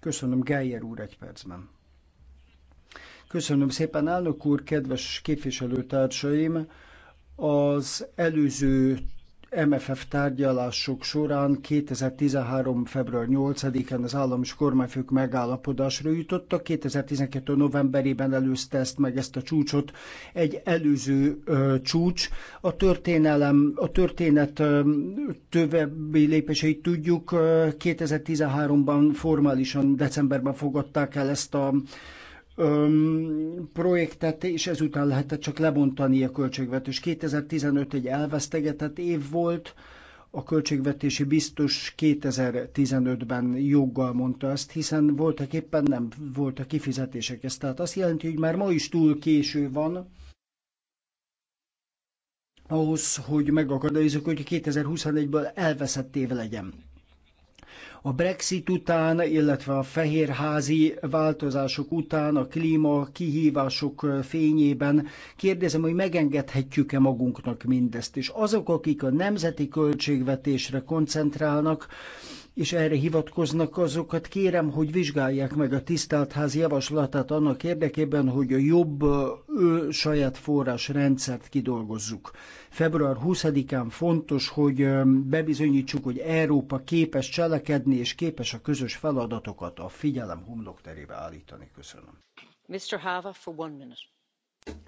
Köszönöm, Geyer úr, egy percben. Köszönöm szépen, elnök úr, kedves képviselőtársaim! Az előző MFF tárgyalások során 2013. február 8-án az állam és kormányfők megállapodásra jutottak. 2012. novemberében előzte ezt meg ezt a csúcsot egy előző ö, csúcs. A történelem, a történet ö, többi lépéseit tudjuk. 2013-ban formálisan decemberben fogadták el ezt a öm, projektet, és ezután lehetett csak lebontani a költségvetés. 2015 egy elvesztegetett év volt, a költségvetési biztos 2015-ben joggal mondta ezt, hiszen voltak éppen nem voltak kifizetések. ezt tehát azt jelenti, hogy már ma is túl késő van, ahhoz, hogy megakadályozok, hogy 2021-ből elveszett év legyen. A Brexit után, illetve a fehérházi változások után, a klíma kihívások fényében kérdezem, hogy megengedhetjük-e magunknak mindezt. És azok, akik a nemzeti költségvetésre koncentrálnak, és erre hivatkoznak, azokat kérem, hogy vizsgálják meg a tisztelt ház javaslatát annak érdekében, hogy a jobb ő, saját forrás rendszert kidolgozzuk. Február 20-án fontos, hogy bebizonyítsuk, hogy Európa képes cselekedni és képes a közös feladatokat a figyelem homlokterébe állítani. Köszönöm. Mr. Hava, for one minute.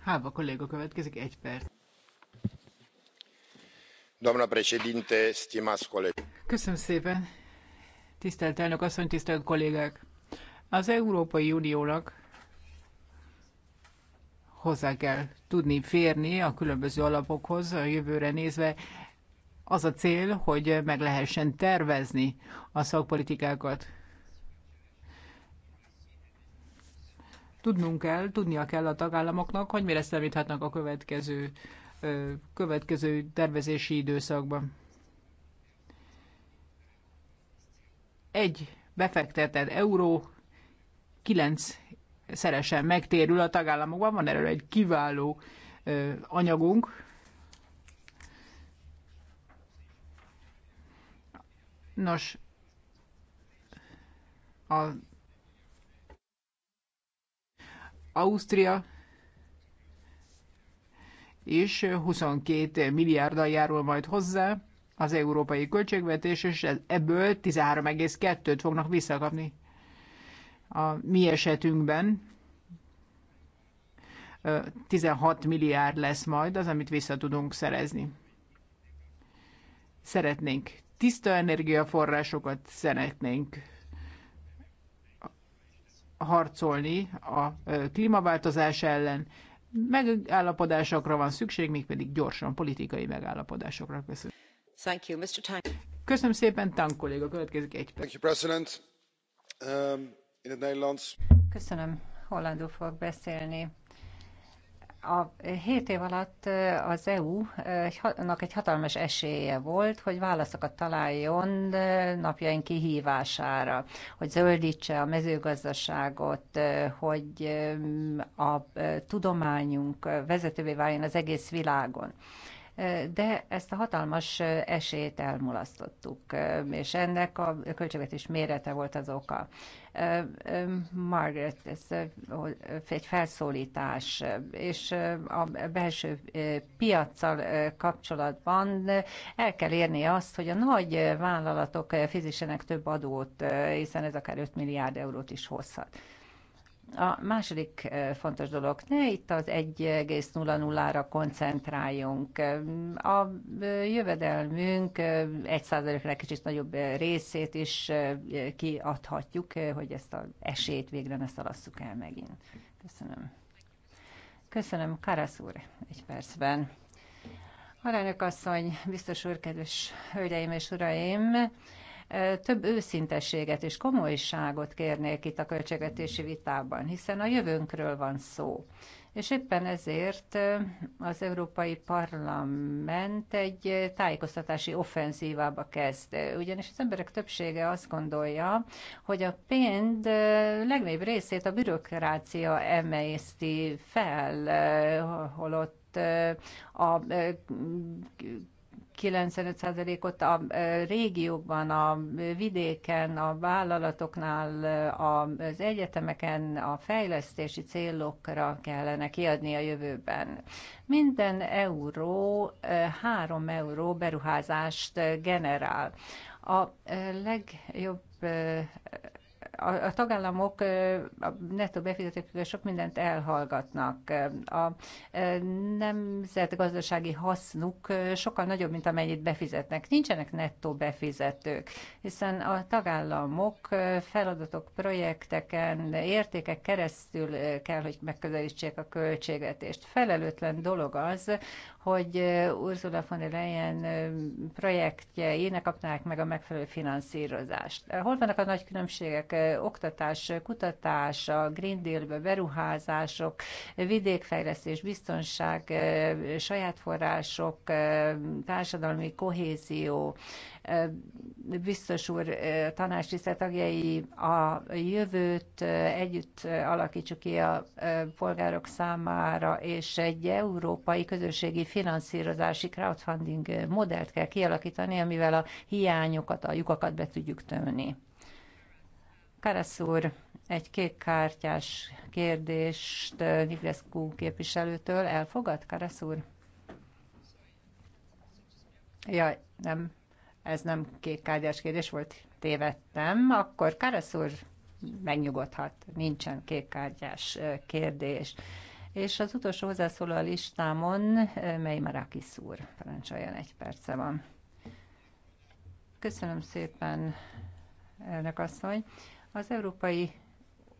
Hava kolléga következik egy perc doamnă președinte, stimați colegi Tisztelt elnök asszony, tisztelt kollégák! Az Európai Uniónak hozzá kell tudni férni a különböző alapokhoz a jövőre nézve. Az a cél, hogy meg lehessen tervezni a szakpolitikákat. Tudnunk kell, tudnia kell a tagállamoknak, hogy mire számíthatnak a következő, következő tervezési időszakban. egy befektetett euró kilenc szeresen megtérül a tagállamokban. Van erről egy kiváló anyagunk. Nos, a Ausztria és 22 milliárddal járul majd hozzá az európai költségvetés, és ebből 13,2-t fognak visszakapni a mi esetünkben 16 milliárd lesz majd az, amit vissza tudunk szerezni. Szeretnénk tiszta energiaforrásokat, szeretnénk harcolni a klímaváltozás ellen, megállapodásokra van szükség, mégpedig gyorsan politikai megállapodásokra. Köszönöm. Köszönöm szépen, Tank kolléga, következik egy perc. Um, Köszönöm, hollandul fogok beszélni. A hét év alatt uh, az EU-nak uh, egy hatalmas esélye volt, hogy válaszokat találjon uh, napjaink kihívására, hogy zöldítse a mezőgazdaságot, hogy um, a tudományunk vezetővé váljon az egész világon de ezt a hatalmas esélyt elmulasztottuk, és ennek a költségvetés mérete volt az oka. Margaret, ez egy felszólítás, és a belső piaccal kapcsolatban el kell érni azt, hogy a nagy vállalatok fizessenek több adót, hiszen ez akár 5 milliárd eurót is hozhat. A második fontos dolog, ne itt az 1,00-ra koncentráljunk. A jövedelmünk 1%-ra kicsit nagyobb részét is kiadhatjuk, hogy ezt az esélyt végre ne szalasszuk el megint. Köszönöm. Köszönöm, Karasz úr, egy percben. Alelnök asszony, biztos úr, kedves hölgyeim és uraim, több őszintességet és komolyságot kérnék itt a költségvetési vitában, hiszen a jövőnkről van szó. És éppen ezért az Európai Parlament egy tájékoztatási offenzívába kezd. Ugyanis az emberek többsége azt gondolja, hogy a pénz legnagyobb részét a bürokrácia emészti fel, holott a 95%-ot a régiókban, a vidéken, a vállalatoknál, az egyetemeken a fejlesztési célokra kellene kiadni a jövőben. Minden euró, három euró beruházást generál. A legjobb a, a tagállamok a nettó befizetőkkel sok mindent elhallgatnak. A nemzetgazdasági hasznuk sokkal nagyobb, mint amennyit befizetnek. Nincsenek nettó befizetők, hiszen a tagállamok feladatok, projekteken, értékek keresztül kell, hogy megközelítsék a költségvetést. Felelőtlen dolog az, hogy Ursula von der Leyen projektjei ne kapnák meg a megfelelő finanszírozást. Hol vannak a nagy különbségek oktatás, kutatás, a Green Deal-be beruházások, vidékfejlesztés, biztonság, saját források, társadalmi kohézió, biztos úr tanácstisztelt tagjai a jövőt együtt alakítsuk ki a polgárok számára, és egy európai közösségi finanszírozási crowdfunding modellt kell kialakítani, amivel a hiányokat, a lyukakat be tudjuk tömni. Karasz úr, egy kékkártyás kérdést eh, Niklescu képviselőtől elfogad, Karasz úr? Jaj, nem, ez nem kékkártyás kérdés volt, tévedtem. Akkor Karasz úr megnyugodhat, nincsen kékkártyás eh, kérdés. És az utolsó hozzászóló a listámon, eh, mely Marakis úr, parancsoljon, egy perce van. Köszönöm szépen, elnök asszony. Az Európai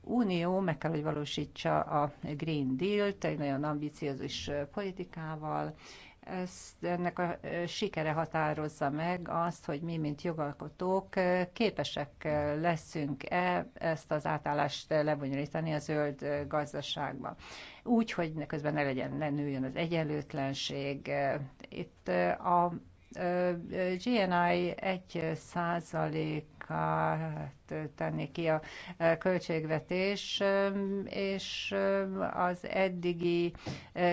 Unió meg kell, hogy valósítsa a Green Deal-t egy nagyon ambiciózus politikával, ezt, ennek a sikere határozza meg azt, hogy mi, mint jogalkotók képesek leszünk-e ezt az átállást lebonyolítani a zöld gazdaságba. Úgy, hogy közben ne legyen, ne nőjön az egyenlőtlenség. Itt a GNI 1 százalék tenni ki a költségvetés, és az eddigi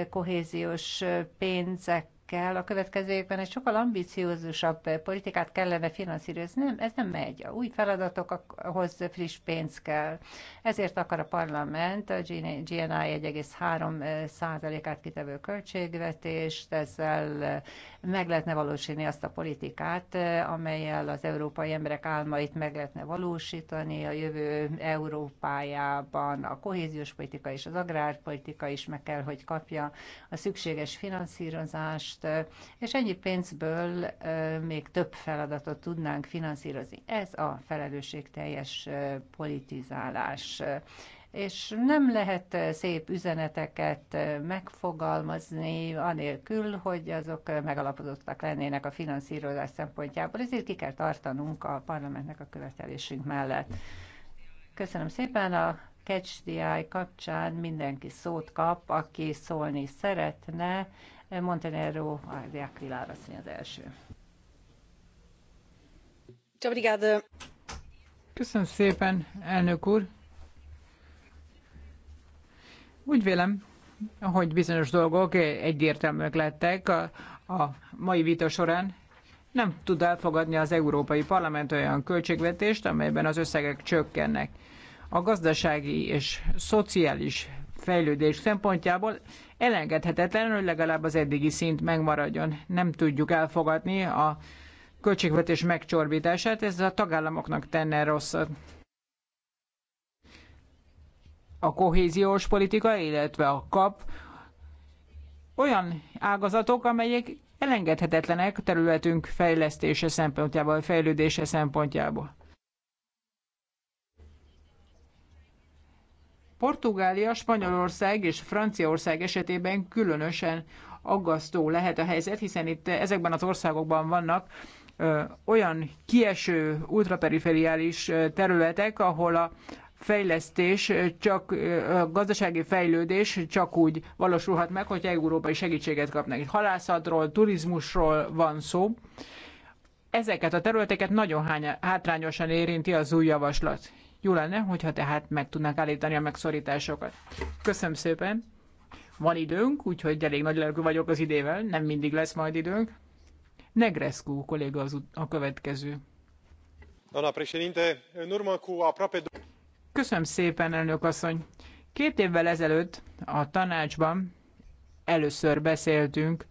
kohéziós pénzek kell a következő évben egy sokkal ambiciózusabb politikát kellene finanszírozni. Nem, ez nem megy. A új feladatokhoz friss pénz kell. Ezért akar a parlament a GNI 1,3 százalékát kitevő költségvetést, ezzel meg lehetne valósítani azt a politikát, amelyel az európai emberek álmait meg lehetne valósítani a jövő Európájában. A kohéziós politika és az agrárpolitika is meg kell, hogy kapja a szükséges finanszírozást, kutatást, és ennyi pénzből még több feladatot tudnánk finanszírozni. Ez a felelősségteljes politizálás és nem lehet szép üzeneteket megfogalmazni, anélkül, hogy azok megalapozottak lennének a finanszírozás szempontjából. Ezért ki kell tartanunk a parlamentnek a követelésünk mellett. Köszönöm szépen a Catch the Eye kapcsán mindenki szót kap, aki szólni szeretne. Montenegro, de Aquilár asszony az első. Köszönöm szépen, elnök úr. Úgy vélem, hogy bizonyos dolgok egyértelműek lettek a, a mai vita során. Nem tud elfogadni az Európai Parlament olyan költségvetést, amelyben az összegek csökkennek. A gazdasági és szociális fejlődés szempontjából elengedhetetlen, hogy legalább az eddigi szint megmaradjon. Nem tudjuk elfogadni a költségvetés megcsorbítását, ez a tagállamoknak tenne rosszat. A kohéziós politika, illetve a kap olyan ágazatok, amelyek elengedhetetlenek területünk fejlesztése szempontjából, fejlődése szempontjából. Portugália, Spanyolország és Franciaország esetében különösen aggasztó lehet a helyzet, hiszen itt ezekben az országokban vannak ö, olyan kieső ultraperiferiális területek, ahol a fejlesztés, csak a gazdasági fejlődés csak úgy valósulhat meg, hogy európai segítséget kapnak. Halászatról, turizmusról van szó. Ezeket a területeket nagyon hátrányosan érinti az új javaslat. Jó lenne, hogyha tehát meg tudnánk állítani a megszorításokat. Köszönöm szépen! Van időnk, úgyhogy elég nagy lelkű vagyok az idével, nem mindig lesz majd időnk. Negrescu kolléga az a következő. Dona președinte, în urmă cu aproape... Köszönöm szépen, elnök asszony. Két évvel ezelőtt a tanácsban először beszéltünk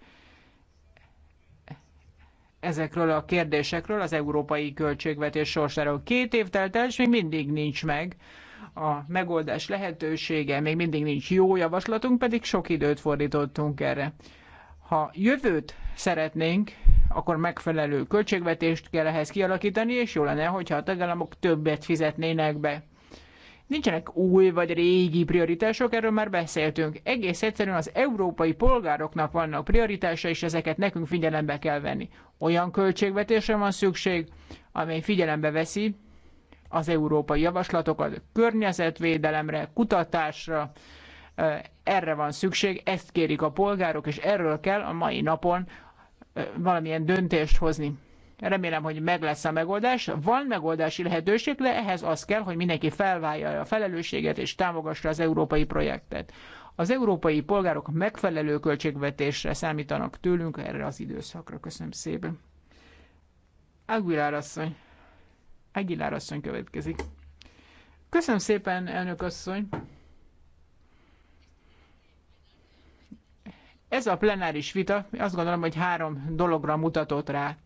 ezekről a kérdésekről, az európai költségvetés sorsáról. Két év telt el, és még mindig nincs meg a megoldás lehetősége, még mindig nincs jó javaslatunk, pedig sok időt fordítottunk erre. Ha jövőt szeretnénk, akkor megfelelő költségvetést kell ehhez kialakítani, és jó lenne, hogyha a tagállamok többet fizetnének be. Nincsenek új vagy régi prioritások, erről már beszéltünk. Egész egyszerűen az európai polgároknak vannak prioritása, és ezeket nekünk figyelembe kell venni. Olyan költségvetésre van szükség, amely figyelembe veszi az európai javaslatokat, környezetvédelemre, kutatásra, erre van szükség, ezt kérik a polgárok, és erről kell a mai napon valamilyen döntést hozni. Remélem, hogy meg lesz a megoldás. Van megoldási lehetőség, de ehhez az kell, hogy mindenki felvállalja a felelősséget és támogassa az európai projektet. Az európai polgárok megfelelő költségvetésre számítanak tőlünk erre az időszakra. Köszönöm szépen. Aguilar asszony. Aguilar asszony következik. Köszönöm szépen, elnök asszony. Ez a plenáris vita, azt gondolom, hogy három dologra mutatott rá.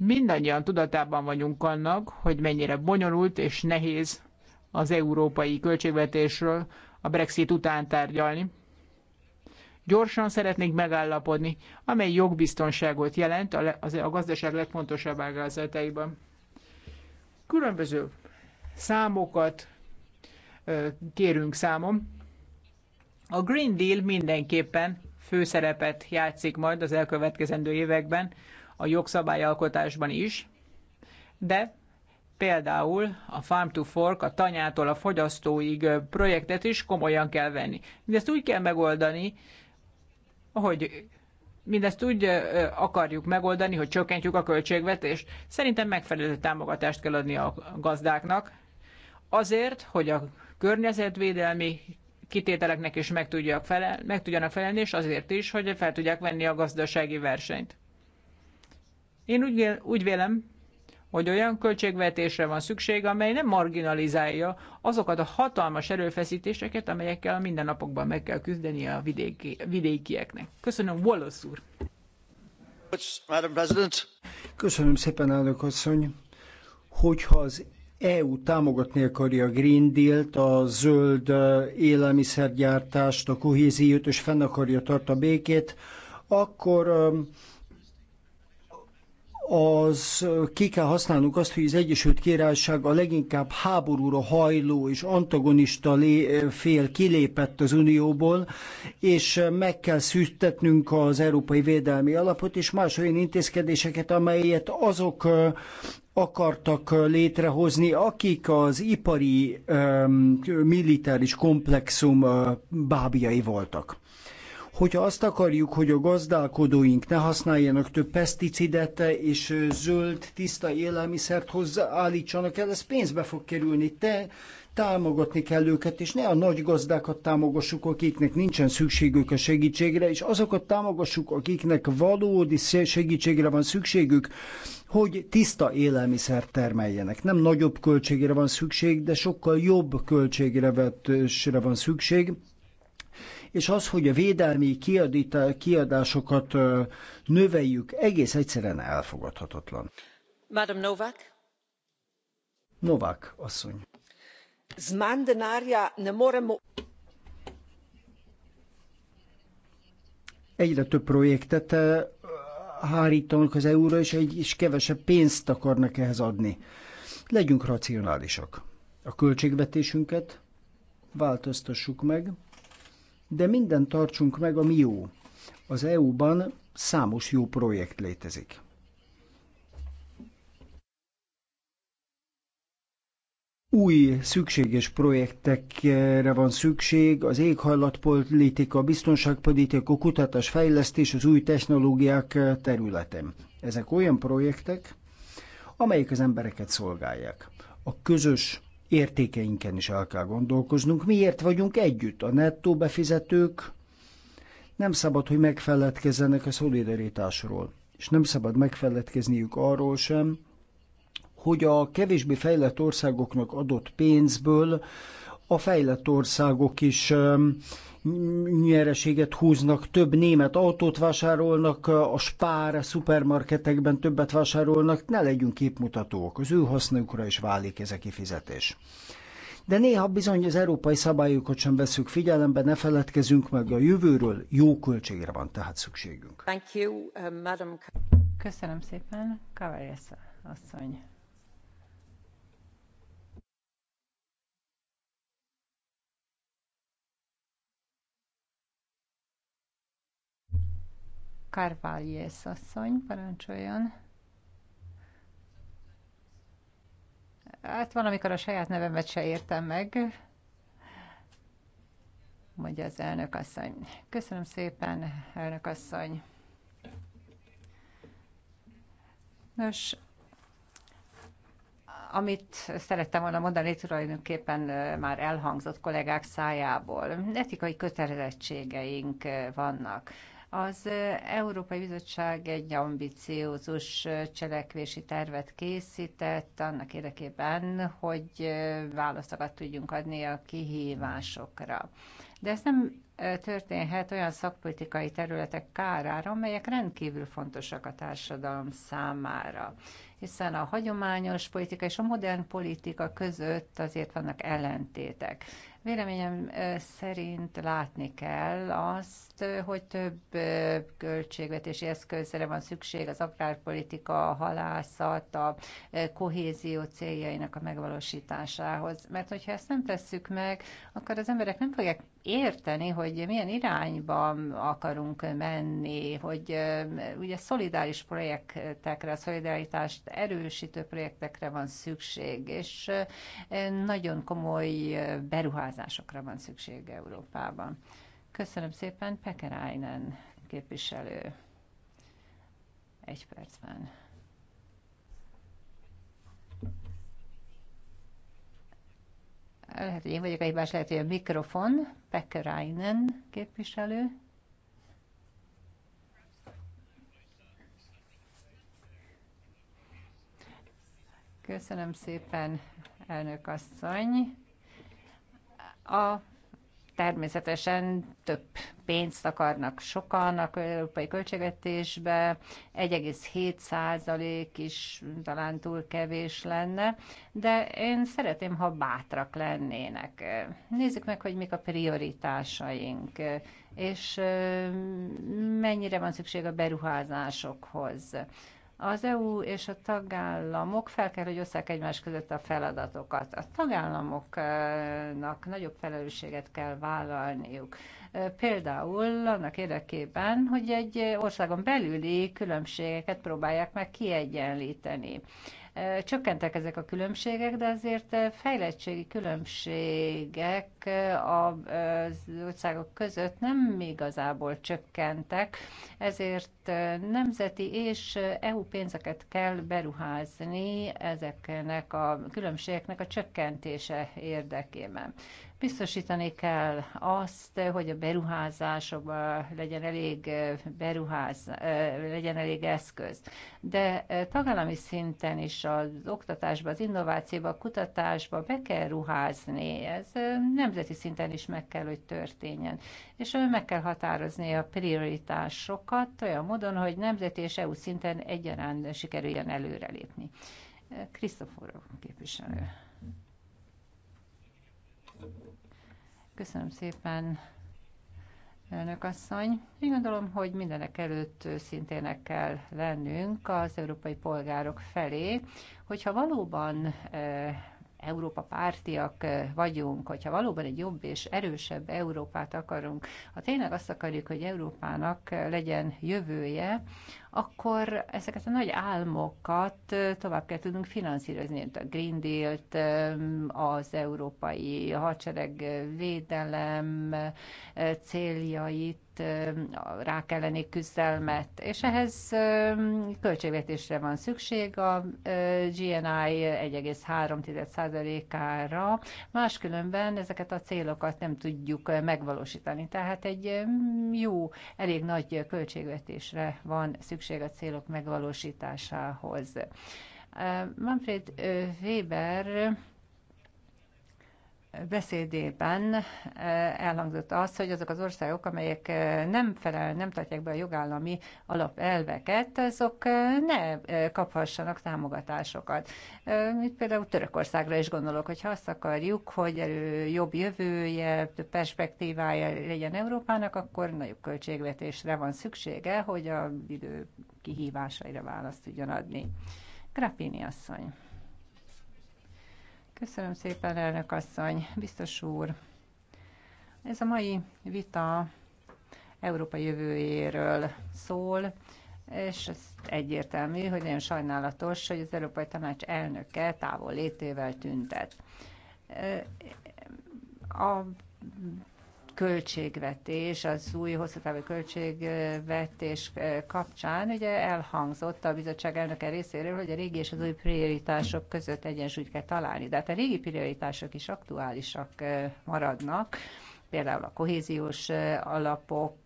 Mindannyian tudatában vagyunk annak, hogy mennyire bonyolult és nehéz az európai költségvetésről a Brexit után tárgyalni. Gyorsan szeretnénk megállapodni, amely jogbiztonságot jelent a gazdaság legfontosabb ágazataiban. Különböző számokat kérünk számom. A Green Deal mindenképpen főszerepet játszik majd az elkövetkezendő években a jogszabályalkotásban is, de például a Farm to Fork, a tanyától a fogyasztóig projektet is komolyan kell venni. Mindezt úgy kell megoldani, hogy mindezt úgy akarjuk megoldani, hogy csökkentjük a költségvetést. Szerintem megfelelő támogatást kell adni a gazdáknak, azért, hogy a környezetvédelmi kitételeknek is meg, tudjak felel, meg tudjanak felelni, és azért is, hogy fel tudják venni a gazdasági versenyt. Én úgy, úgy vélem, hogy olyan költségvetésre van szükség, amely nem marginalizálja azokat a hatalmas erőfeszítéseket, amelyekkel a mindennapokban meg kell küzdeni a vidéki, vidékieknek. Köszönöm, Wallace úr! Köszönöm szépen, elnök asszony! Hogyha az EU támogatni akarja a Green Deal-t, a zöld élelmiszergyártást, a kohéziót, és fenn akarja tart a békét, akkor az ki kell használnunk azt, hogy az Egyesült Királyság a leginkább háborúra hajló és antagonista lé, fél kilépett az Unióból, és meg kell szüntetnünk az Európai Védelmi Alapot, és más olyan intézkedéseket, amelyet azok akartak létrehozni, akik az ipari um, militáris komplexum uh, bábjai voltak. Hogyha azt akarjuk, hogy a gazdálkodóink ne használjanak több peszticidet és zöld, tiszta élelmiszert hozzáállítsanak el, ez pénzbe fog kerülni. Te támogatni kell őket, és ne a nagy gazdákat támogassuk, akiknek nincsen szükségük a segítségre, és azokat támogassuk, akiknek valódi segítségre van szükségük, hogy tiszta élelmiszert termeljenek. Nem nagyobb költségre van szükség, de sokkal jobb költségre vetésre van szükség, és az, hogy a védelmi kiadásokat növeljük, egész egyszerűen elfogadhatatlan. Madam Novak? Novák asszony. Z manj ne moremo egyre több projektet hárítanak az EU-ra, és, egy, is kevesebb pénzt akarnak ehhez adni. Legyünk racionálisak. A költségvetésünket változtassuk meg, de minden tartsunk meg, ami jó. Az EU-ban számos jó projekt létezik. új szükséges projektekre van szükség, az éghajlatpolitika, biztonságpolitika, kutatás, fejlesztés, az új technológiák területen. Ezek olyan projektek, amelyek az embereket szolgálják. A közös értékeinken is el kell gondolkoznunk. Miért vagyunk együtt? A nettó befizetők nem szabad, hogy megfeledkezzenek a szolidaritásról, és nem szabad megfeledkezniük arról sem, hogy a kevésbé fejlett országoknak adott pénzből a fejlett országok is nyereséget húznak, több német autót vásárolnak, a spár szupermarketekben többet vásárolnak, ne legyünk képmutatók, az ő hasznukra is válik ez a kifizetés. De néha bizony az európai szabályokat sem veszük figyelembe, ne feledkezünk meg a jövőről, jó költségre van tehát szükségünk. Thank you, uh, Madam... Köszönöm szépen, Kavarius asszony. Carvalhes asszony, parancsoljon. Hát valamikor a saját nevemet se értem meg, mondja az elnök asszony. Köszönöm szépen, elnök asszony. Nos, amit szerettem volna mondani, tulajdonképpen már elhangzott kollégák szájából. Etikai kötelezettségeink vannak. Az Európai Bizottság egy ambiciózus cselekvési tervet készített annak érdekében, hogy válaszokat tudjunk adni a kihívásokra. De ez nem történhet olyan szakpolitikai területek kárára, amelyek rendkívül fontosak a társadalom számára. Hiszen a hagyományos politika és a modern politika között azért vannak ellentétek. Véleményem szerint látni kell azt, hogy több költségvetési eszközre van szükség az agrárpolitika, a halászat, a kohézió céljainak a megvalósításához. Mert hogyha ezt nem tesszük meg, akkor az emberek nem fogják érteni, hogy milyen irányba akarunk menni, hogy ugye szolidáris projektekre, szolidaritást erősítő projektekre van szükség, és nagyon komoly beruházásokra van szükség Európában. Köszönöm szépen, Pekerainen képviselő. Egy percben. lehet, hogy én vagyok a hibás, lehet, hogy a mikrofon, Pekerainen képviselő. Köszönöm szépen, elnök asszony. A Természetesen több pénzt akarnak sokan a európai költségvetésbe, 1,7% is talán túl kevés lenne, de én szeretném, ha bátrak lennének. Nézzük meg, hogy mik a prioritásaink, és mennyire van szükség a beruházásokhoz. Az EU és a tagállamok fel kell, hogy osszák egymás között a feladatokat. A tagállamoknak nagyobb felelősséget kell vállalniuk. Például annak érdekében, hogy egy országon belüli különbségeket próbálják meg kiegyenlíteni. Csökkentek ezek a különbségek, de azért fejlettségi különbségek az országok között nem igazából csökkentek, ezért nemzeti és EU pénzeket kell beruházni ezeknek a különbségeknek a csökkentése érdekében. Biztosítani kell azt, hogy a beruházásokban legyen elég eh, beruház, eh, legyen elég eszköz. De eh, tagállami szinten is az oktatásba, az innovációba, a kutatásba be kell ruházni. Ez nemzeti szinten is meg kell, hogy történjen. És meg kell határozni a prioritásokat olyan módon, hogy nemzeti és EU szinten egyaránt sikerüljen előrelépni. Krisztoforó képviselő. Köszönöm szépen, elnök asszony. Én gondolom, hogy mindenek előtt őszintének kell lennünk az európai polgárok felé, hogyha valóban eh, Európa pártiak eh, vagyunk, hogyha valóban egy jobb és erősebb Európát akarunk, ha tényleg azt akarjuk, hogy Európának legyen jövője, akkor ezeket a nagy álmokat eh, tovább kell tudnunk finanszírozni, a Green deal eh, az európai hadsereg védelem céljait, a rák elleni küzdelmet, és ehhez költségvetésre van szükség a GNI 1,3%-ára, máskülönben ezeket a célokat nem tudjuk megvalósítani. Tehát egy jó, elég nagy költségvetésre van szükség a célok megvalósításához. Manfred Weber beszédében eh, elhangzott az, hogy azok az országok, amelyek eh, nem felel, nem tartják be a jogállami alapelveket, azok eh, ne kaphassanak támogatásokat. Itt például Törökországra is gondolok, hogy ha azt akarjuk, hogy jobb jövője, perspektívája legyen Európának, akkor nagyobb költségvetésre van szüksége, hogy a idő kihívásaira választ tudjon adni. Grappini asszony. Köszönöm szépen, elnök asszony, biztos úr. Ez a mai vita Európa jövőjéről szól, és ez egyértelmű, hogy nagyon sajnálatos, hogy az Európai Tanács elnöke távol létével tüntet. A költségvetés, az új hosszútávú költségvetés eh, kapcsán ugye elhangzott a bizottság elnöke részéről, hogy a régi és az új prioritások között egyensúlyt kell találni. De hát a régi prioritások is aktuálisak eh, maradnak, például a kohéziós alapok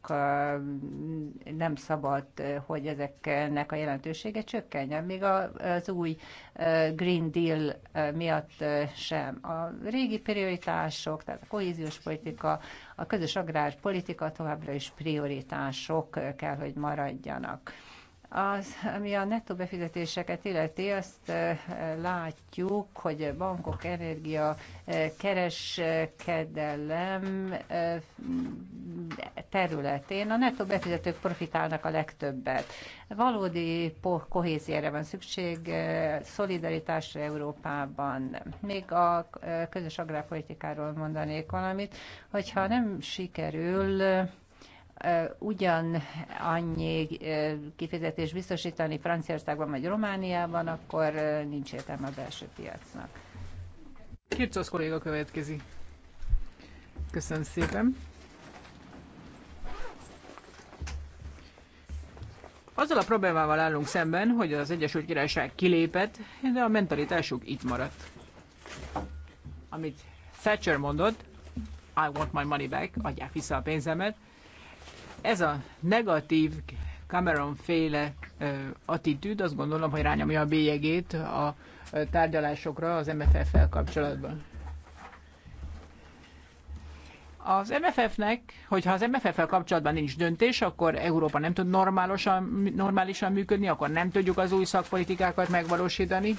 nem szabad, hogy ezeknek a jelentősége csökkenjen, még az új Green Deal miatt sem. A régi prioritások, tehát a kohéziós politika, a közös agrárpolitika továbbra is prioritások kell, hogy maradjanak. Az, ami a nettó befizetéseket illeti, azt látjuk, hogy bankok energia kereskedelem területén a nettó befizetők profitálnak a legtöbbet. Valódi kohéziára van szükség, szolidaritásra Európában. Még a közös agrárpolitikáról mondanék valamit, hogyha nem sikerül ugyan annyi kifizetés biztosítani Franciaországban vagy Romániában, akkor nincs értelme a belső piacnak. Kircsosz kolléga következik. Köszönöm szépen. Azzal a problémával állunk szemben, hogy az Egyesült Királyság kilépett, de a mentalitásuk itt maradt. Amit Thatcher mondott, I want my money back, adják vissza a pénzemet, ez a negatív Cameron féle attitűd azt gondolom, hogy rányomja a bélyegét a tárgyalásokra az MFF-fel kapcsolatban. Az MFF-nek, hogyha az MFF-fel kapcsolatban nincs döntés, akkor Európa nem tud normálisan, normálisan működni, akkor nem tudjuk az új szakpolitikákat megvalósítani.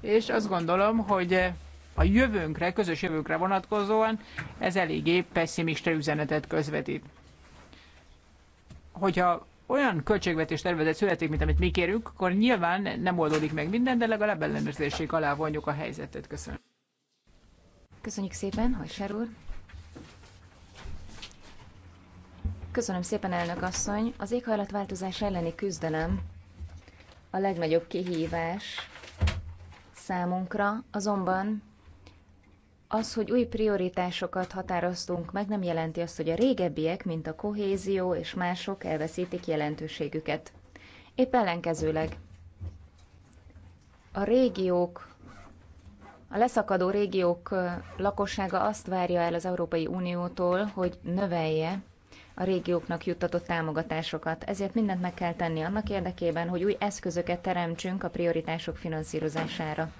És azt gondolom, hogy a jövőnkre, közös jövőnkre vonatkozóan ez eléggé pessimista üzenetet közvetít hogyha olyan költségvetés tervezet születik, mint amit mi kérünk, akkor nyilván nem oldódik meg minden, de legalább ellenőrzéség alá vonjuk a helyzetet. Köszönöm. Köszönjük szépen, Hajsár úr. Köszönöm szépen, elnök asszony. Az éghajlatváltozás elleni küzdelem a legnagyobb kihívás számunkra, azonban az, hogy új prioritásokat határoztunk meg, nem jelenti azt, hogy a régebbiek, mint a kohézió és mások elveszítik jelentőségüket. Épp ellenkezőleg. A régiók, a leszakadó régiók lakossága azt várja el az Európai Uniótól, hogy növelje a régióknak juttatott támogatásokat. Ezért mindent meg kell tenni annak érdekében, hogy új eszközöket teremtsünk a prioritások finanszírozására.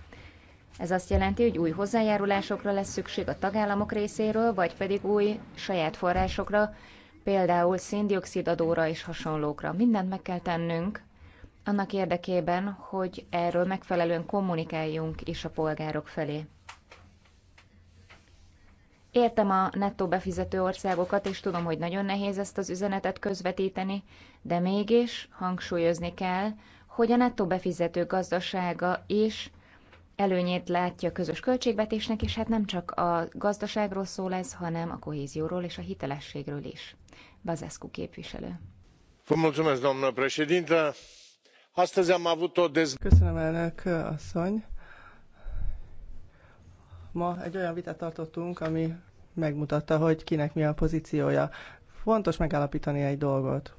Ez azt jelenti, hogy új hozzájárulásokra lesz szükség a tagállamok részéről, vagy pedig új saját forrásokra, például széndiokszid adóra és hasonlókra. Mindent meg kell tennünk annak érdekében, hogy erről megfelelően kommunikáljunk is a polgárok felé. Értem a nettó befizető országokat, és tudom, hogy nagyon nehéz ezt az üzenetet közvetíteni, de mégis hangsúlyozni kell, hogy a nettó befizető gazdasága is előnyét látja a közös költségvetésnek, és hát nem csak a gazdaságról szól ez, hanem a kohézióról és a hitelességről is. Bazescu képviselő. Köszönöm, elnök asszony. Ma egy olyan vitát tartottunk, ami megmutatta, hogy kinek mi a pozíciója. Fontos megállapítani egy dolgot.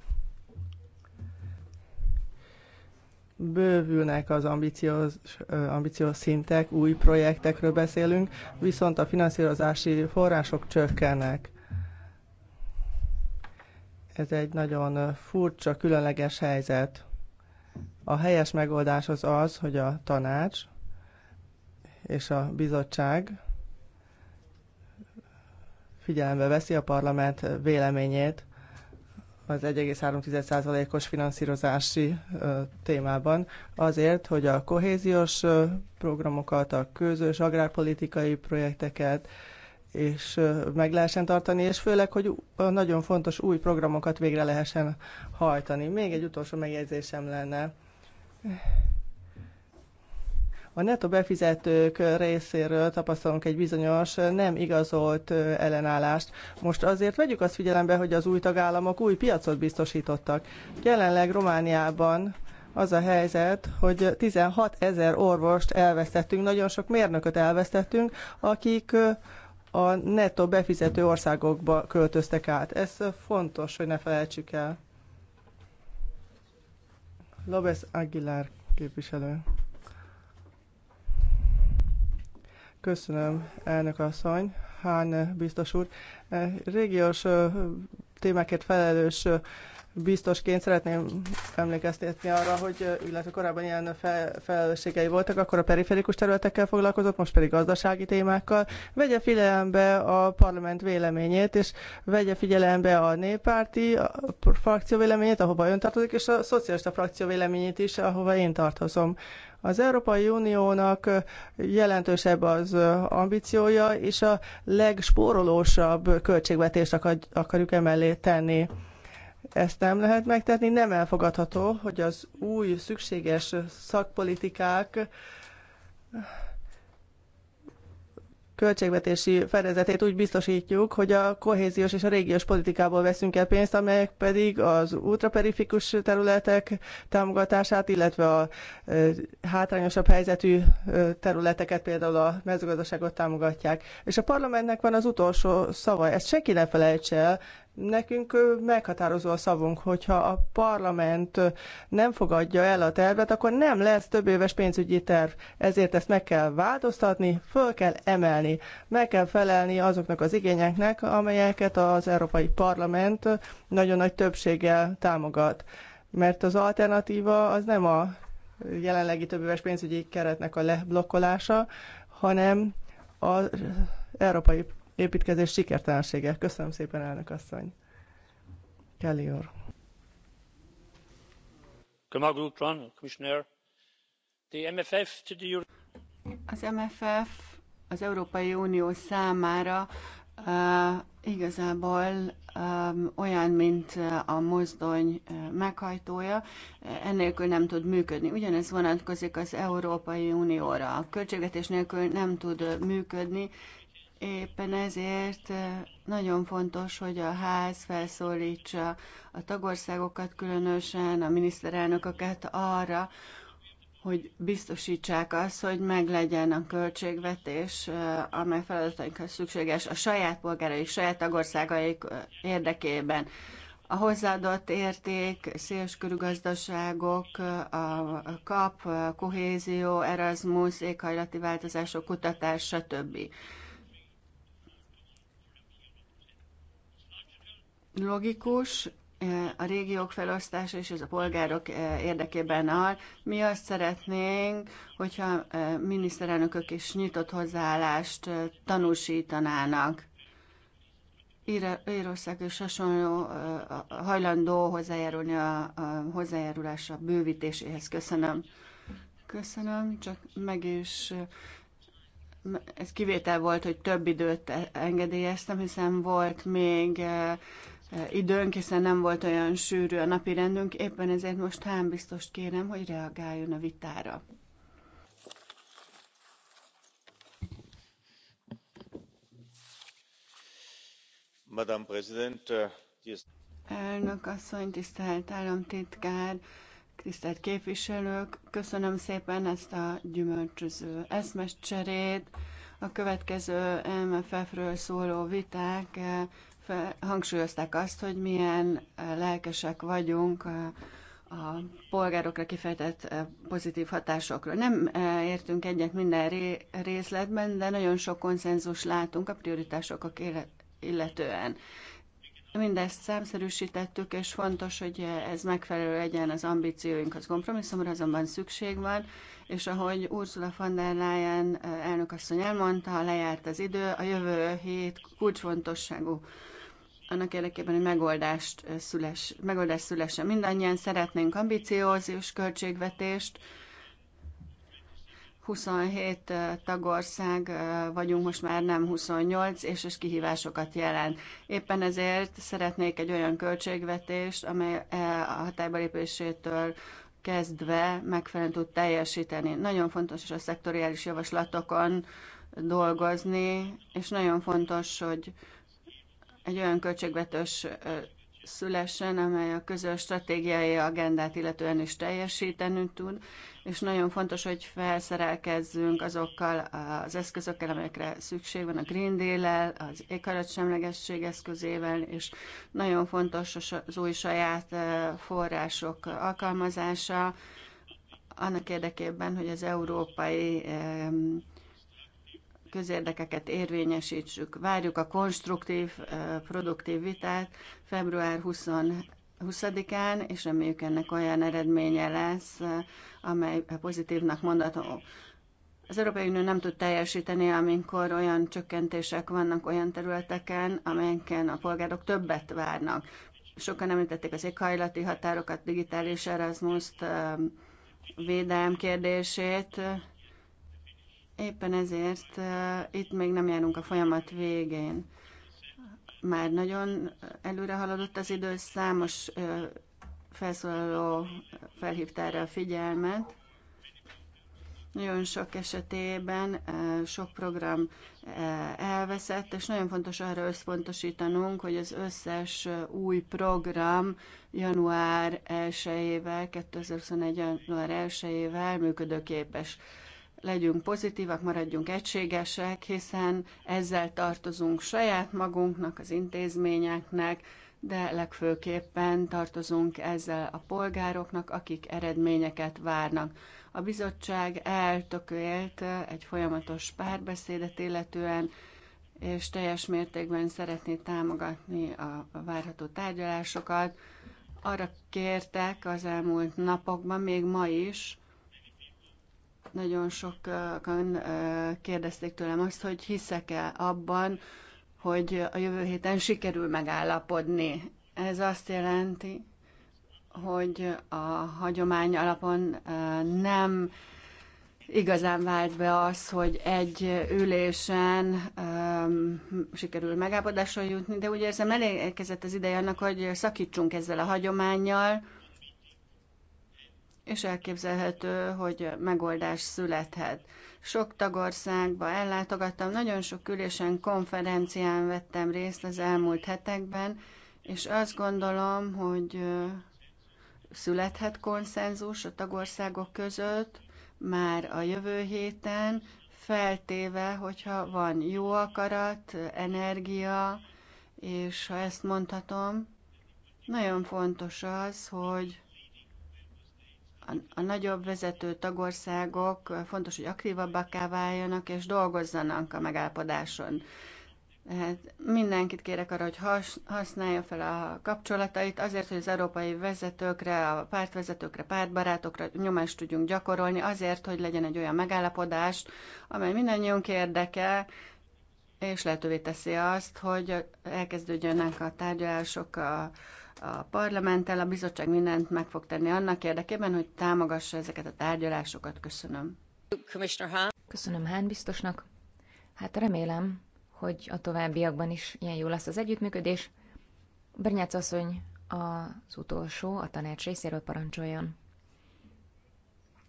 bővülnek az ambiciós, ambiciós szintek, új projektekről beszélünk, viszont a finanszírozási források csökkennek. Ez egy nagyon furcsa, különleges helyzet. A helyes megoldás az az, hogy a tanács és a bizottság figyelembe veszi a parlament véleményét, az 1,3%-os finanszírozási témában, azért, hogy a kohéziós programokat, a közös agrárpolitikai projekteket, és meg lehessen tartani, és főleg, hogy nagyon fontos új programokat végre lehessen hajtani. Még egy utolsó megjegyzésem lenne. A netto befizetők részéről tapasztalunk egy bizonyos nem igazolt ellenállást. Most azért vegyük azt figyelembe, hogy az új tagállamok új piacot biztosítottak. Jelenleg Romániában az a helyzet, hogy 16 ezer orvost elvesztettünk, nagyon sok mérnököt elvesztettünk, akik a netto befizető országokba költöztek át. Ez fontos, hogy ne felejtsük el. Lobes Aguilar képviselő. Köszönöm, elnök asszony. Hán biztos úr. E, régiós témákért felelős biztosként szeretném emlékeztetni arra, hogy illetve korábban ilyen felelősségei voltak, akkor a periférikus területekkel foglalkozott, most pedig gazdasági témákkal. Vegye figyelembe a parlament véleményét, és vegye figyelembe a néppárti a frakció véleményét, ahova ön tartozik, és a szocialista frakció véleményét is, ahova én tartozom. Az Európai Uniónak jelentősebb az ambíciója, és a legspórolósabb költségvetést akarjuk emellé tenni. Ezt nem lehet megtenni, nem elfogadható, hogy az új szükséges szakpolitikák költségvetési fedezetét úgy biztosítjuk, hogy a kohéziós és a régiós politikából veszünk el pénzt, amelyek pedig az ultraperifikus területek támogatását, illetve a hátrányosabb helyzetű területeket, például a mezőgazdaságot támogatják. És a parlamentnek van az utolsó szava, ezt senki ne felejtse el, Nekünk meghatározó a szavunk, hogyha a parlament nem fogadja el a tervet, akkor nem lesz több éves pénzügyi terv. Ezért ezt meg kell változtatni, föl kell emelni, meg kell felelni azoknak az igényeknek, amelyeket az Európai Parlament nagyon nagy többséggel támogat. Mert az alternatíva az nem a jelenlegi több éves pénzügyi keretnek a leblokkolása, hanem az Európai építkezés sikertelensége. Köszönöm szépen, elnök asszony. Kelly úr. Az MFF az Európai Unió számára Uh, igazából um, olyan, mint a mozdony meghajtója, ennélkül nem tud működni. Ugyanez vonatkozik az Európai Unióra. A költségvetés nélkül nem tud működni, Éppen ezért nagyon fontos, hogy a ház felszólítsa a tagországokat, különösen a miniszterelnököket arra, hogy biztosítsák azt, hogy meglegyen a költségvetés, amely feladatainkhoz szükséges a saját polgáraik, saját tagországaik érdekében. A hozzáadott érték, széleskörű gazdaságok, a kap, a kohézió, Erasmus, éghajlati változások, kutatás, stb. logikus, a régiók felosztása és ez a polgárok érdekében áll. Mi azt szeretnénk, hogyha miniszterelnökök is nyitott hozzáállást tanúsítanának. Írország és hasonló hajlandó hozzájárulni a, a hozzájárulás a bővítéséhez. Köszönöm. Köszönöm, csak meg is ez kivétel volt, hogy több időt e-, engedélyeztem, hiszen volt még időnk, hiszen nem volt olyan sűrű a napi rendünk, éppen ezért most Hán biztos kérem, hogy reagáljon a vitára. Madame President, uh, Elnök asszony, tisztelt államtitkár, tisztelt képviselők, köszönöm szépen ezt a gyümölcsöző cserét. A következő MFF-ről szóló viták eh, fel, hangsúlyozták azt, hogy milyen eh, lelkesek vagyunk a, a polgárokra kifejtett eh, pozitív hatásokról. Nem eh, értünk egyet minden ré, részletben, de nagyon sok konszenzus látunk a prioritások illetően. Mindezt számszerűsítettük, és fontos, hogy ez megfelelő legyen az ambícióinkhoz. Kompromisszumra azonban szükség van, és ahogy Ursula von der Leyen elnökasszony elmondta, lejárt az idő, a jövő hét kulcsfontosságú annak érdekében, hogy megoldást szüles, megoldás szülesse. Mindannyian szeretnénk ambiciózus költségvetést. 27 tagország vagyunk most már nem 28, és ez kihívásokat jelent. Éppen ezért szeretnék egy olyan költségvetést, amely a hatályba lépésétől kezdve megfelelően tud teljesíteni. Nagyon fontos a szektoriális javaslatokon dolgozni, és nagyon fontos, hogy egy olyan költségvetős szülessen, amely a közös stratégiai agendát illetően is teljesítenünk tud, és nagyon fontos, hogy felszerelkezzünk azokkal az eszközökkel, amelyekre szükség van, a Green Deal-el, az semlegesség eszközével, és nagyon fontos az új saját források alkalmazása, annak érdekében, hogy az európai közérdekeket érvényesítsük. Várjuk a konstruktív, produktív vitát február 20 20-án, és reméljük ennek olyan eredménye lesz, amely pozitívnak mondható. Az Európai Unió nem tud teljesíteni, amikor olyan csökkentések vannak olyan területeken, amelyeken a polgárok többet várnak. Sokan említették az éghajlati határokat, digitális erasmus védelem kérdését, Éppen ezért itt még nem járunk a folyamat végén. Már nagyon előre haladott az idő, számos felszólaló felhívta erre a figyelmet. Nagyon sok esetében sok program elveszett, és nagyon fontos arra összpontosítanunk, hogy az összes új program január 1-ével, 2021. január 1-ével működőképes legyünk pozitívak, maradjunk egységesek, hiszen ezzel tartozunk saját magunknak, az intézményeknek, de legfőképpen tartozunk ezzel a polgároknak, akik eredményeket várnak. A bizottság eltökélt egy folyamatos párbeszédet illetően, és teljes mértékben szeretné támogatni a várható tárgyalásokat. Arra kértek az elmúlt napokban, még ma is, nagyon sokan kérdezték tőlem azt, hogy hiszek-e abban, hogy a jövő héten sikerül megállapodni. Ez azt jelenti, hogy a hagyomány alapon nem igazán vált be az, hogy egy ülésen um, sikerül megállapodásra jutni, de úgy érzem elérkezett az ideje annak, hogy szakítsunk ezzel a hagyományjal, és elképzelhető, hogy megoldás születhet. Sok tagországba ellátogattam, nagyon sok ülésen, konferencián vettem részt az elmúlt hetekben, és azt gondolom, hogy születhet konszenzus a tagországok között már a jövő héten, feltéve, hogyha van jó akarat, energia, és ha ezt mondhatom, nagyon fontos az, hogy a, a nagyobb vezető tagországok fontos, hogy aktívabbakká váljanak és dolgozzanak a megállapodáson. Tehát mindenkit kérek arra, hogy használja fel a kapcsolatait azért, hogy az európai vezetőkre, a pártvezetőkre, pártbarátokra nyomást tudjunk gyakorolni, azért, hogy legyen egy olyan megállapodás, amely mindannyiunk érdeke, és lehetővé teszi azt, hogy elkezdődjönnek a tárgyalások a a parlamenttel, a bizottság mindent meg fog tenni annak érdekében, hogy támogassa ezeket a tárgyalásokat. Köszönöm. Köszönöm Hán biztosnak. Hát remélem, hogy a továbbiakban is ilyen jó lesz az együttműködés. Brnyác asszony az utolsó, a tanács részéről parancsoljon.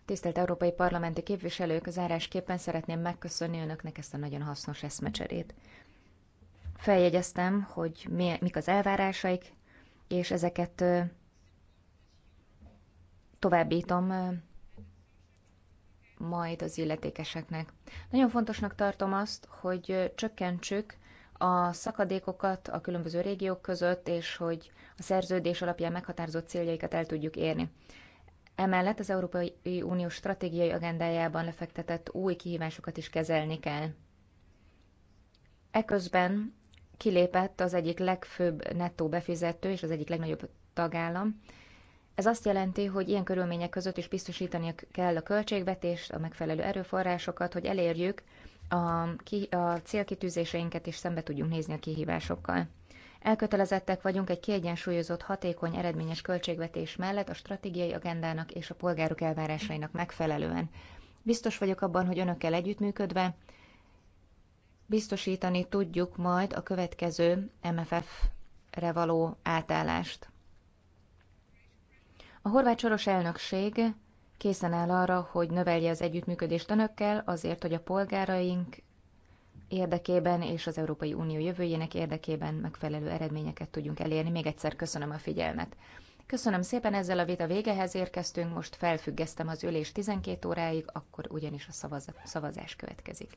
Tisztelt Európai Parlamenti képviselők, zárásképpen szeretném megköszönni önöknek ezt a nagyon hasznos eszmecserét. Feljegyeztem, hogy mi, mik az elvárásaik, és ezeket továbbítom majd az illetékeseknek. Nagyon fontosnak tartom azt, hogy csökkentsük a szakadékokat a különböző régiók között, és hogy a szerződés alapján meghatározott céljaikat el tudjuk érni. Emellett az Európai Unió stratégiai agendájában lefektetett új kihívásokat is kezelni kell. Eközben kilépett az egyik legfőbb nettó befizető és az egyik legnagyobb tagállam. Ez azt jelenti, hogy ilyen körülmények között is biztosítani kell a költségvetést, a megfelelő erőforrásokat, hogy elérjük a, ki, a célkitűzéseinket és szembe tudjunk nézni a kihívásokkal. Elkötelezettek vagyunk egy kiegyensúlyozott, hatékony, eredményes költségvetés mellett a stratégiai agendának és a polgárok elvárásainak megfelelően. Biztos vagyok abban, hogy önökkel együttműködve biztosítani tudjuk majd a következő MFF-re való átállást. A horvát soros elnökség készen áll arra, hogy növelje az együttműködést önökkel azért, hogy a polgáraink érdekében és az Európai Unió jövőjének érdekében megfelelő eredményeket tudjunk elérni. Még egyszer köszönöm a figyelmet. Köszönöm szépen, ezzel a vita végehez érkeztünk, most felfüggesztem az ülés 12 óráig, akkor ugyanis a szavaz- szavazás következik.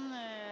on eh,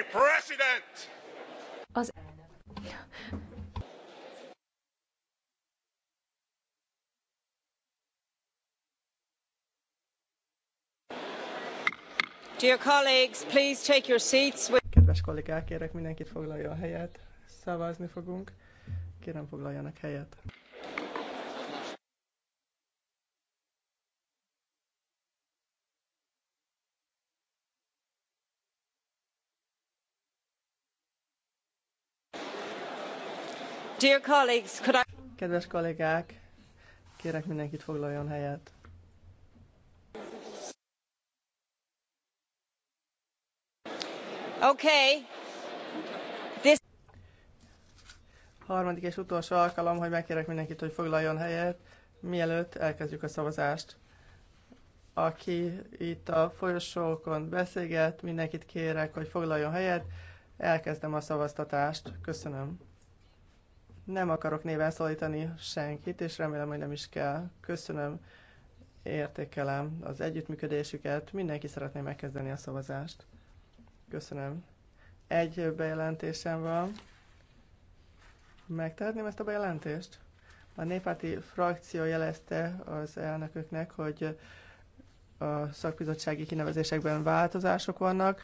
president! Az Dear colleagues, please take your seats. Kedves kollégák, kérek mindenkit foglalja a helyet. Szavazni fogunk. Kérem foglaljanak helyet. Kedves kollégák, kérek mindenkit foglaljon helyet. Okay. This... Harmadik és utolsó alkalom, hogy megkérek mindenkit, hogy foglaljon helyet, mielőtt elkezdjük a szavazást. Aki itt a folyosókon beszélget, mindenkit kérek, hogy foglaljon helyet. Elkezdem a szavaztatást. Köszönöm. Nem akarok néven szólítani senkit, és remélem, hogy nem is kell. Köszönöm, értékelem az együttműködésüket. Mindenki szeretné megkezdeni a szavazást. Köszönöm. Egy bejelentésem van. Megtehetném ezt a bejelentést? A néppárti frakció jelezte az elnököknek, hogy a szakbizottsági kinevezésekben változások vannak.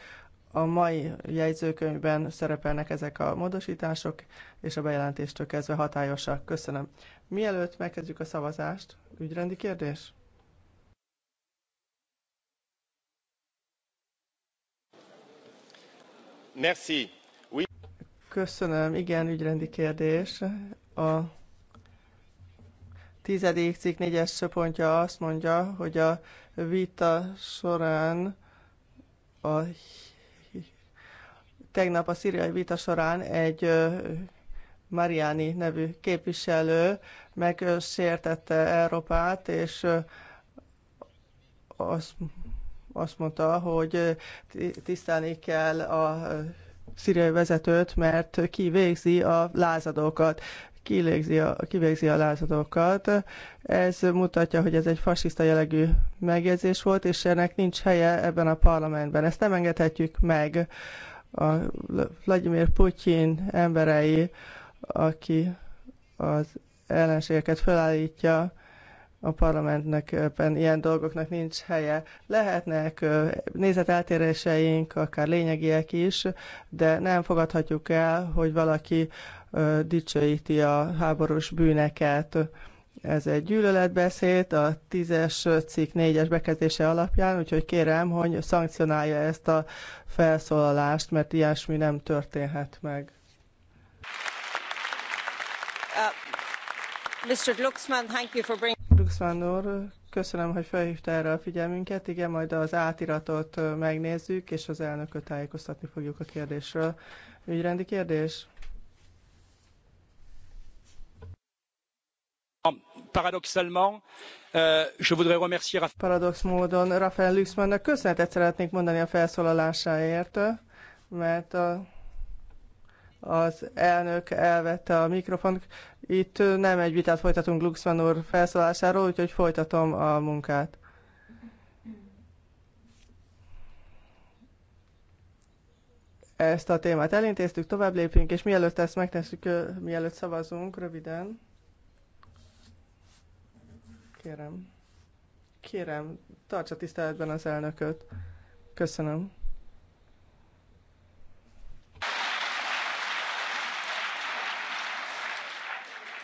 A mai jegyzőkönyvben szerepelnek ezek a módosítások, és a bejelentéstől kezdve hatályosak. Köszönöm. Mielőtt megkezdjük a szavazást, ügyrendi kérdés? Merci. Oui. Köszönöm. Igen, ügyrendi kérdés. A tizedik cikk négyes pontja azt mondja, hogy a vita során a Tegnap a szíriai vita során egy Mariani nevű képviselő megsértette Európát, és azt, azt mondta, hogy tisztelni kell a szíriai vezetőt, mert végzi a lázadókat, Kivégzi a, kivégzi a lázadókat. Ez mutatja, hogy ez egy fasiszta jellegű megjegyzés volt, és ennek nincs helye ebben a parlamentben. Ezt nem engedhetjük meg a Vladimir Putyin emberei, aki az ellenségeket felállítja, a parlamentnek ebben ilyen dolgoknak nincs helye. Lehetnek nézeteltéréseink, akár lényegiek is, de nem fogadhatjuk el, hogy valaki dicsőíti a háborús bűneket. Ez egy gyűlöletbeszéd a 10-es cikk 4-es bekezdése alapján, úgyhogy kérem, hogy szankcionálja ezt a felszólalást, mert ilyesmi nem történhet meg. Uh, Mr. Glucksmann, thank you for bringing... Glucksmann úr, köszönöm, hogy felhívta erre a figyelmünket. Igen, majd az átiratot megnézzük, és az elnököt tájékoztatni fogjuk a kérdésről. Ügyrendi kérdés? paradoxalement, euh, je voudrais remercier... Paradox módon Rafael Lüxmannak köszönetet szeretnék mondani a felszólalásáért, mert a, az elnök elvette a mikrofont. Itt nem egy vitát folytatunk Luxman úr felszólásáról, úgyhogy folytatom a munkát. ezt a témát elintéztük, tovább lépünk, és mielőtt ezt megtesszük, mielőtt szavazunk, röviden. Kérem. Kérem, tartsa tiszteletben az elnököt. Köszönöm.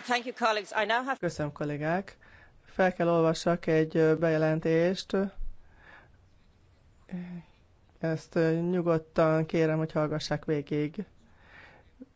Thank you, colleagues. I now have... Köszönöm, kollégák. Fel kell olvassak egy bejelentést. Ezt nyugodtan kérem, hogy hallgassák végig.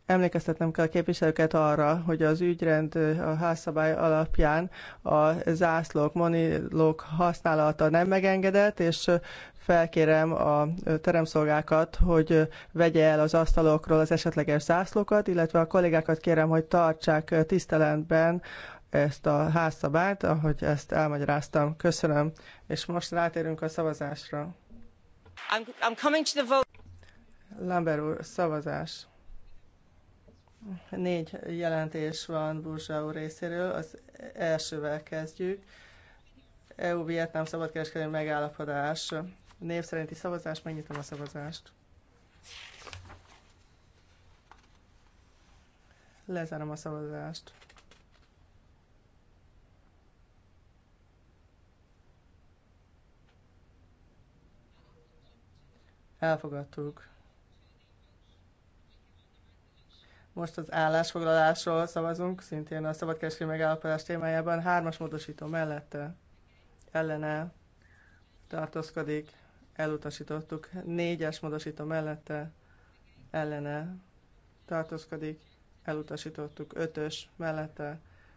Emlékeztetnem kell a képviselőket arra, hogy az ügyrend a házszabály alapján a zászlók, monilók használata nem megengedett, és felkérem a teremszolgákat, hogy vegye el az asztalokról az esetleges zászlókat, illetve a kollégákat kérem, hogy tartsák tiszteletben ezt a házszabályt, ahogy ezt elmagyaráztam. Köszönöm, és most rátérünk a szavazásra. I'm, I'm coming to the vote. Lambert úr, szavazás. Négy jelentés van Burzsa részéről, az elsővel kezdjük. EU-Vietnám szabadkereskedelmi megállapodás. Név szerinti szavazás, megnyitom a szavazást. Lezárom a szavazást. Elfogadtuk. Most az állásfoglalásról szavazunk, szintén a szabadkereskedelmi megállapodás témájában. Hármas módosító mellette ellene tartózkodik, elutasítottuk. Négyes módosító mellette ellene tartózkodik, elutasítottuk. Ötös mellette